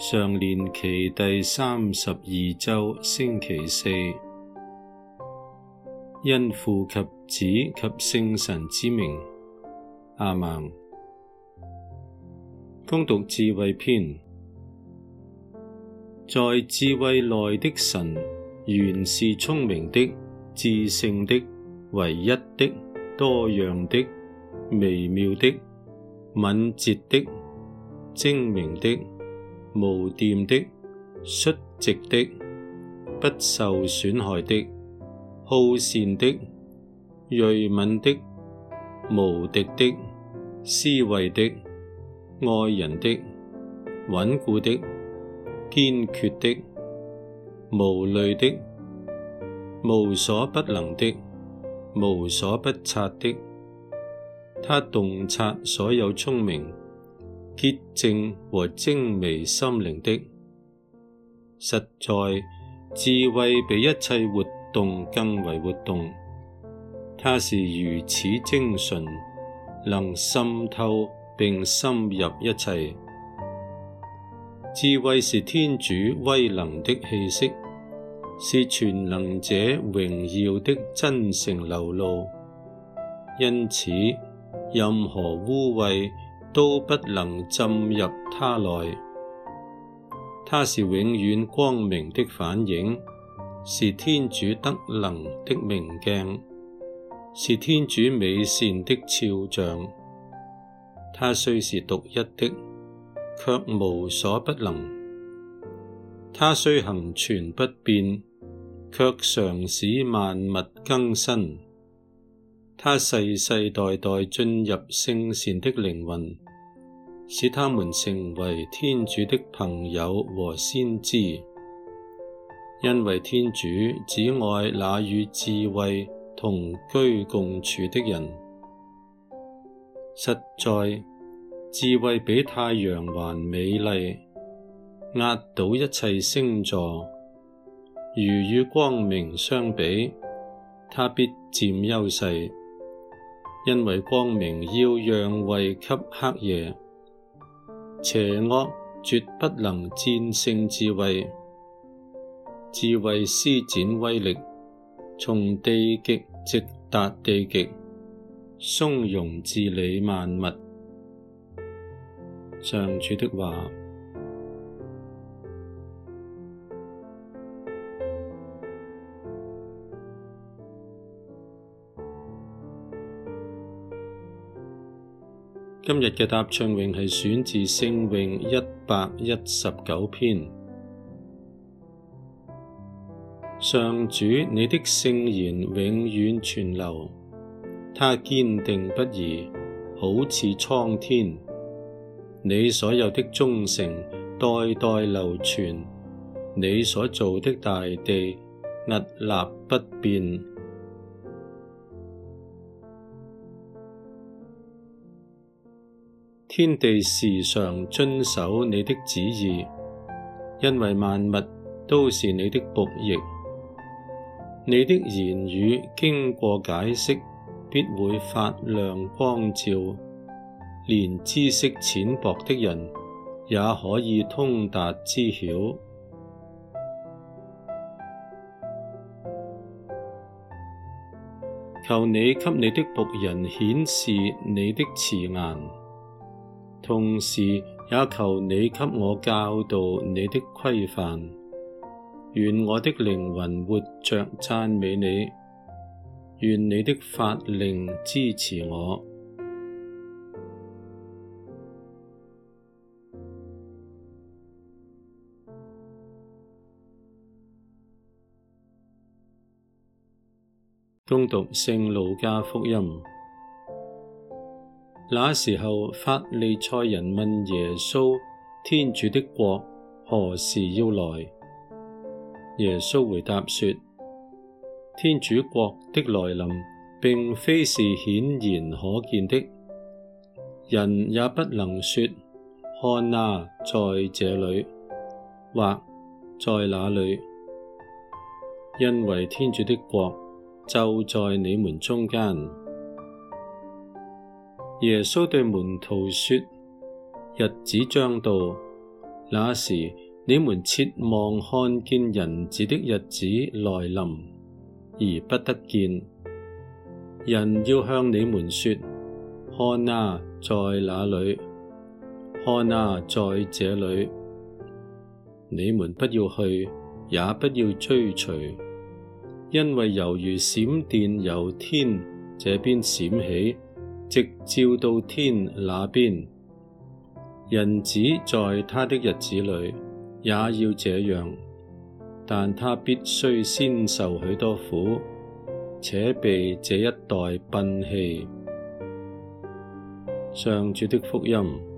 常年期第三十二周星期四，因父及子及聖神之名，阿、啊、門。恭讀智慧篇，在智慧內的神原是聰明的、至聖的、唯一的、多樣的、微妙的、敏捷的、精明的。無玷的、率直的、不受損害的、好善的、銳敏的、無敵的、施惠的、愛人的、穩固的、堅決的、無慮的、無所不能的、無所不察的，他洞察所有聰明。潔淨和精微心靈的。實在，智慧比一切活動更為活動。它是如此精純，能滲透並深入一切。智慧是天主威能的氣息，是全能者榮耀的真誠流露。因此，任何污穢。都不能浸入它內，它是永遠光明的反映，是天主德能的明鏡，是天主美善的肖像。它雖是獨一的，卻無所不能；它雖恆存不變，卻常使萬物更新。他世世代代進入聖善的靈魂，使他們成為天主的朋友和先知，因為天主只愛那與智慧同居共處的人。實在，智慧比太陽還美麗，壓倒一切星座。如與光明相比，他必占優勢。因為光明要讓位給黑夜，邪惡絕不能戰勝智慧。智慧施展威力，從地極直達地極，從容治理萬物。上主的話。今日嘅答唱詠係選自聖詠一百一十九篇。上主，你的聖言永遠存留，它堅定不移，好似蒼天。你所有的忠誠代代流傳，你所造的大地屹立不變。天地時常遵守你的旨意，因為萬物都是你的僕役。你的言語經過解釋，必會發亮光照，連知識淺薄的人也可以通達知曉。求你給你的僕人顯示你的慈顏。同時，也求你給我教導你的規範，願我的靈魂活着讚美你，願你的法令支持我。恭讀聖路加福音。那時候，法利塞人問耶穌：天主的國何時要來？耶穌回答說：天主國的來臨，並非是顯然可見的，人也不能說：看啊，在這裏，或在那裏，因為天主的國就在你們中間。耶穌對門徒說：日子將到，那時你們切望看見人子的日子來臨而不得見。人要向你們說：看啊，在那裏；看啊，在這裏。你們不要去，也不要追隨，因為猶如閃電由天這邊閃起。直照到天那邊，人子在他的日子裏也要這樣，但他必須先受許多苦，且被這一代擯棄。—上主的福音。